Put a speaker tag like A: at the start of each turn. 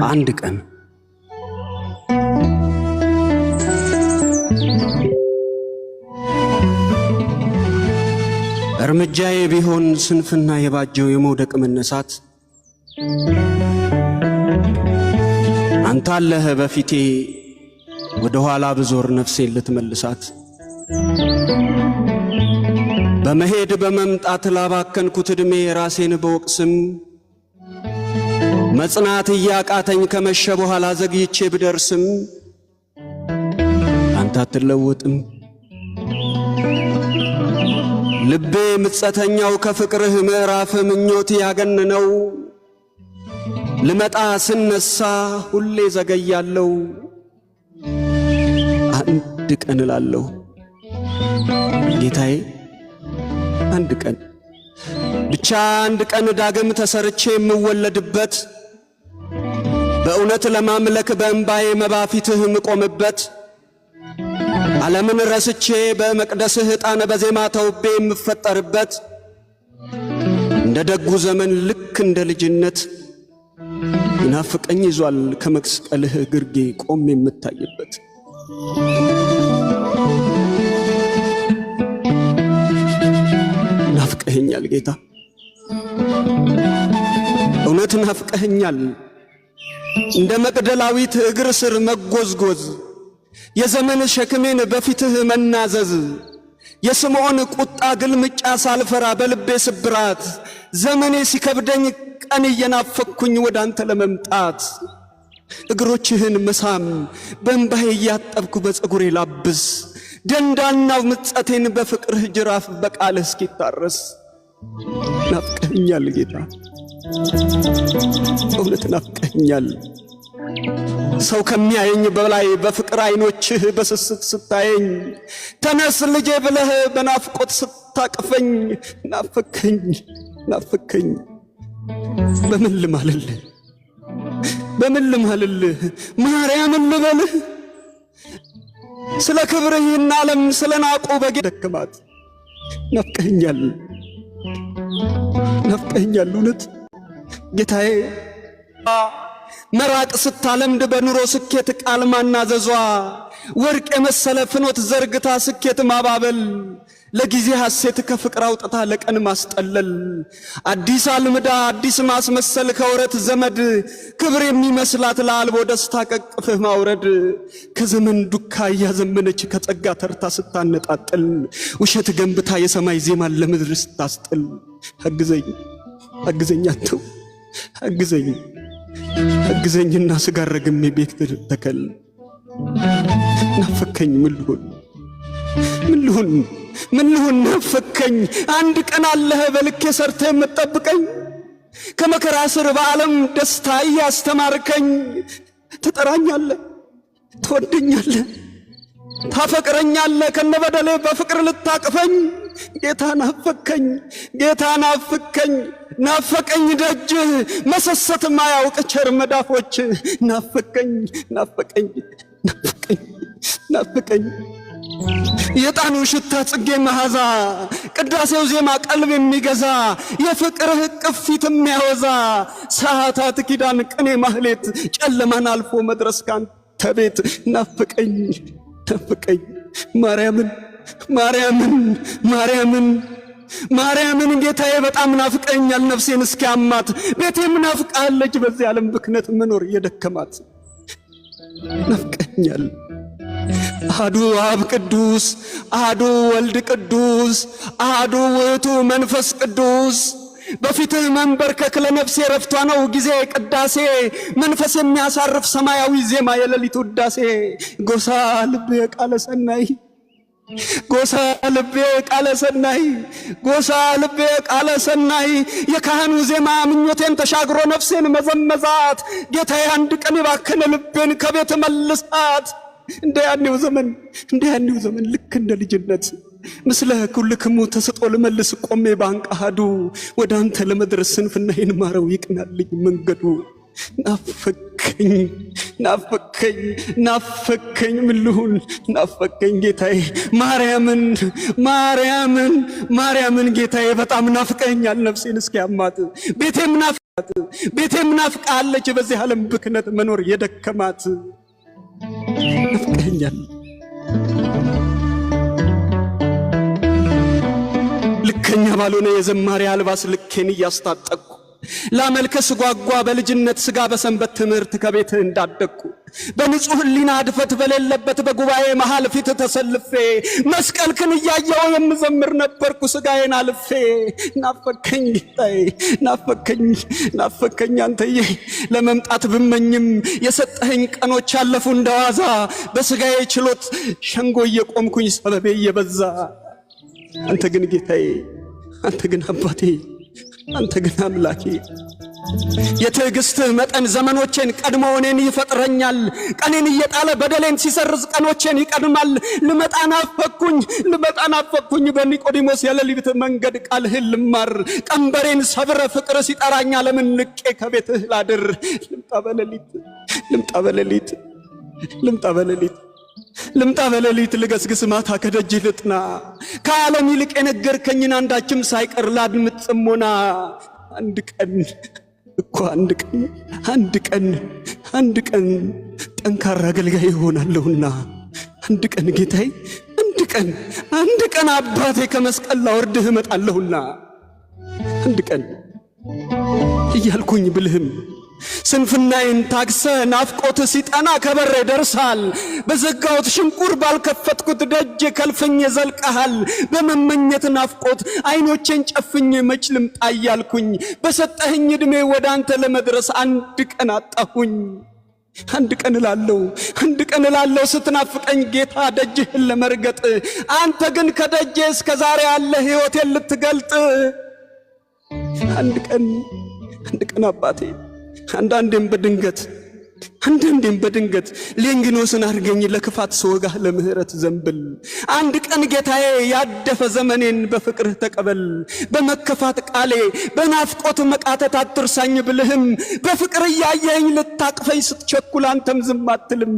A: በአንድ ቀን እርምጃዬ ቢሆን ስንፍና የባጀው የመውደቅ መነሳት አንታለህ በፊቴ ወደ ኋላ ብዞር ነፍሴን ልትመልሳት በመሄድ በመምጣት ላባከንኩት ዕድሜ ራሴን በወቅስም መጽናት እያቃተኝ ከመሸ በኋላ ዘግይቼ ብደርስም አንተ አትለወጥም። ልቤ ምጸተኛው ከፍቅርህ ምዕራፍ ምኞት ያገነነው ልመጣ ስነሳ ሁሌ ዘገያለው አንድ ቀን እላለሁ ጌታዬ አንድ ቀን ብቻ አንድ ቀን ዳግም ተሰርቼ የምወለድበት በእውነት ለማምለክ በእምባዬ መባ ፊትህ የምቆምበት ዓለምን ረስቼ በመቅደስህ ዕጣን በዜማ ተውቤ የምፈጠርበት እንደ ደጉ ዘመን ልክ እንደ ልጅነት ይናፍቀኝ ይዟል ከመስቀልህ ግርጌ ቆም የምታይበት ጌታ እውነት ናፍቀኸኛል። እንደ መቅደላዊት እግር ስር መጎዝጎዝ የዘመን ሸክሜን በፊትህ መናዘዝ የስምዖን ቁጣ ግልምጫ ሳልፈራ በልቤ ስብራት ዘመኔ ሲከብደኝ ቀን እየናፈኩኝ ወደ አንተ ለመምጣት እግሮችህን መሳም በእንባዬ እያጠብኩ በጸጉሬ ላብስ ደንዳናው ምጸቴን በፍቅርህ ጅራፍ በቃልህ እስኪታረስ ናፍቀኛል ጌታ፣ በእውነት ናፍቀኛል። ሰው ከሚያየኝ በላይ በፍቅር አይኖችህ በስስት ስታየኝ፣ ተነስ ልጄ ብለህ በናፍቆት ስታቅፈኝ፣ ናፍከኝ ናፍከኝ። በምን ልማልልህ በምን ልማልልህ ማርያምን ልበልህ? ስለ ክብርህ ይህን ዓለም ስለ ናቁ በጌ ደክማት ናፍቀኛል። ናፍቀኸኛል እውነት ጌታዬ። መራቅ ስታለምድ በኑሮ ስኬት ቃል ማናዘዟ ወርቅ የመሰለ ፍኖት ዘርግታ ስኬት ማባበል ለጊዜ ሐሴት ከፍቅር አውጥታ ለቀን ማስጠለል አዲስ አልምዳ አዲስ ማስመሰል ከወረት ዘመድ ክብር የሚመስላት ለአልቦ ደስታ ቀቅፍህ ማውረድ ከዘመን ዱካ እያዘመነች ከጸጋ ተርታ ስታነጣጥል ውሸት ገንብታ የሰማይ ዜማን ለምድር ስታስጥል አግዘኝ አግዘኝ አትው አግዘኝ አግዘኝና ስጋረግሜ ቤት ተከል ናፈከኝ ምልሁን ምልሁን ምንሁን ናፈከኝ፣ አንድ ቀን አለህ በልኬ ሰርተ የምትጠብቀኝ፣ ከመከራ ስር በዓለም ደስታ እያስተማርከኝ፣ ትጠራኛለህ፣ ትወደኛለህ፣ ታፈቅረኛለህ፣ ከነበደሌ በፍቅር ልታቅፈኝ፣ ጌታ ናፈከኝ፣ ጌታ ናፍከኝ፣ ናፈቀኝ ደጅ መሰሰት ማያውቅ ቸር መዳፎች ናፈቀኝ፣ ናፈቀኝ፣ ናፈቀኝ፣ ናፈቀኝ የጣኑ ሽታ ጽጌ መሃዛ ቅዳሴው ዜማ ቀልብ የሚገዛ የፍቅርህ ቅፊት የሚያወዛ ሰዓታት ኪዳን ቅኔ ማህሌት ጨለማን አልፎ መድረስ ካንተ ቤት ናፍቀኝ ናፍቀኝ ማርያምን ማርያምን ማርያምን ማርያምን ጌታዬ በጣም ናፍቀኛል። ነፍሴን እስኪያማት ቤቴም ናፍቃለች። በዚህ ዓለም ብክነት መኖር የደከማት ናፍቀኛል። አዱ አብ ቅዱስ፣ አዱ ወልድ ቅዱስ፣ አዱ ውእቱ መንፈስ ቅዱስ በፊትህ መንበርከክ ለነፍሴ ረፍቷ ነው ጊዜ ቅዳሴ መንፈስ የሚያሳርፍ ሰማያዊ ዜማ የሌሊቱ ውዳሴ ጎሳ ልቤ ቃለ ሰናይ ጎሳ ልቤ ቃለ ሰናይ ጎሳ ልቤ ቃለ ሰናይ የካህኑ ዜማ ምኞቴን ተሻግሮ ነፍሴን መዘመዛት ጌታዬ አንድ ቀን የባከነ ልቤን ከቤት መልሳት እንደ ያኔው ዘመን እንደ ያኔው ዘመን ልክ እንደ ልጅነት ምስለ ኩልክሙ ተሰጦ ልመልስ ቆሜ ባንቃሃዱ ወደ አንተ ለመድረስ ስንፍናዬን ማረው ይቅናልኝ መንገዱ። ናፈከኝ ናፈከኝ ናፈከኝ ምልሁን ናፈከኝ ጌታዬ ማርያምን ማርያምን ማርያምን ጌታዬ በጣም ናፍቀኛል። ነፍሴን እስኪያማት ቤቴም ናፍቃት ቤቴም ናፍቃለች። በዚህ ዓለም ብክነት መኖር የደከማት ናፍቀኸኛል። ልከኛ ባልሆነ የዘማሪ አልባስ ልኬን እያስታጠቅኩ ላመልከ ስጓጓ በልጅነት ሥጋ በሰንበት ትምህርት ከቤትህ እንዳደግኩ በንጹህ ሕሊና እድፈት በሌለበት በጉባኤ መሃል ፊት ተሰልፌ መስቀልክን እያየው የምዘምር ነበርኩ። ስጋዬን አልፌ ናፈከኝ፣ ጌታዬ ናፈከኝ፣ ናፈከኝ አንተዬ። ለመምጣት ብመኝም የሰጠኸኝ ቀኖች ያለፉ እንደዋዛ በስጋዬ ችሎት ሸንጎ እየቆምኩኝ ሰበቤ እየበዛ አንተ ግን ጌታዬ፣ አንተ ግን አባቴ፣ አንተ ግን አምላኬ የትዕግሥትህ መጠን ዘመኖቼን ቀድሞ እኔን ይፈጥረኛል። ቀኔን እየጣለ በደሌን ሲሰርዝ ቀኖቼን ይቀድማል። ልመጣ ናፈኩኝ ልመጣ ናፈኩኝ በኒቆዲሞስ የሌሊት መንገድ ቃልህን ልማር። ቀንበሬን ሰብረ ፍቅር ሲጠራኛ ለምን ንቄ ከቤትህ ላድር። ልምጣ በሌሊት ልምጣ በሌሊት ልምጣ በሌሊት ልምጣ በሌሊት ልገስግስ ማታ ከደጅ ልጥና ከዓለም ይልቅ የነገርከኝን አንዳችም ሳይቀር ላድምጥ አንድ ቀን እኮ አንድ ቀን አንድ ቀን አንድ ቀን ጠንካራ አገልጋይ ይሆናለሁና አንድ ቀን ጌታዬ፣ አንድ ቀን አንድ ቀን አባቴ ከመስቀል ላወርድህ እመጣለሁና አንድ ቀን እያልኩኝ ብልህም ስንፍናይን ታክሰ ናፍቆት ሲጠና ከበሬ ደርሳል። በዘጋሁት ሽንቁር ባልከፈትኩት ደጅ ከልፍኝ ዘልቀሃል። በመመኘት ናፍቆት አይኖቼን ጨፍኝ መች ልምጣ እያልኩኝ በሰጠህኝ ዕድሜ ወደ አንተ ለመድረስ አንድ ቀን አጣሁኝ። አንድ ቀን እላለሁ አንድ ቀን እላለሁ ስትናፍቀኝ ጌታ ደጅህን ለመርገጥ አንተ ግን ከደጄ እስከ ዛሬ ያለ ሕይወቴን ልትገልጥ አንድ ቀን አንድ ቀን አባቴ አንዳንዴም በድንገት አንዳንዴም በድንገት ሌንጊኖስን አድርገኝ ለክፋት ስወጋህ ለምህረት ዘንብል። አንድ ቀን ጌታዬ ያደፈ ዘመኔን በፍቅርህ ተቀበል። በመከፋት ቃሌ በናፍቆት መቃተት አትርሳኝ ብልህም በፍቅር እያየኝ ልታቅፈኝ ስትቸኩል አንተም ዝም አትልም።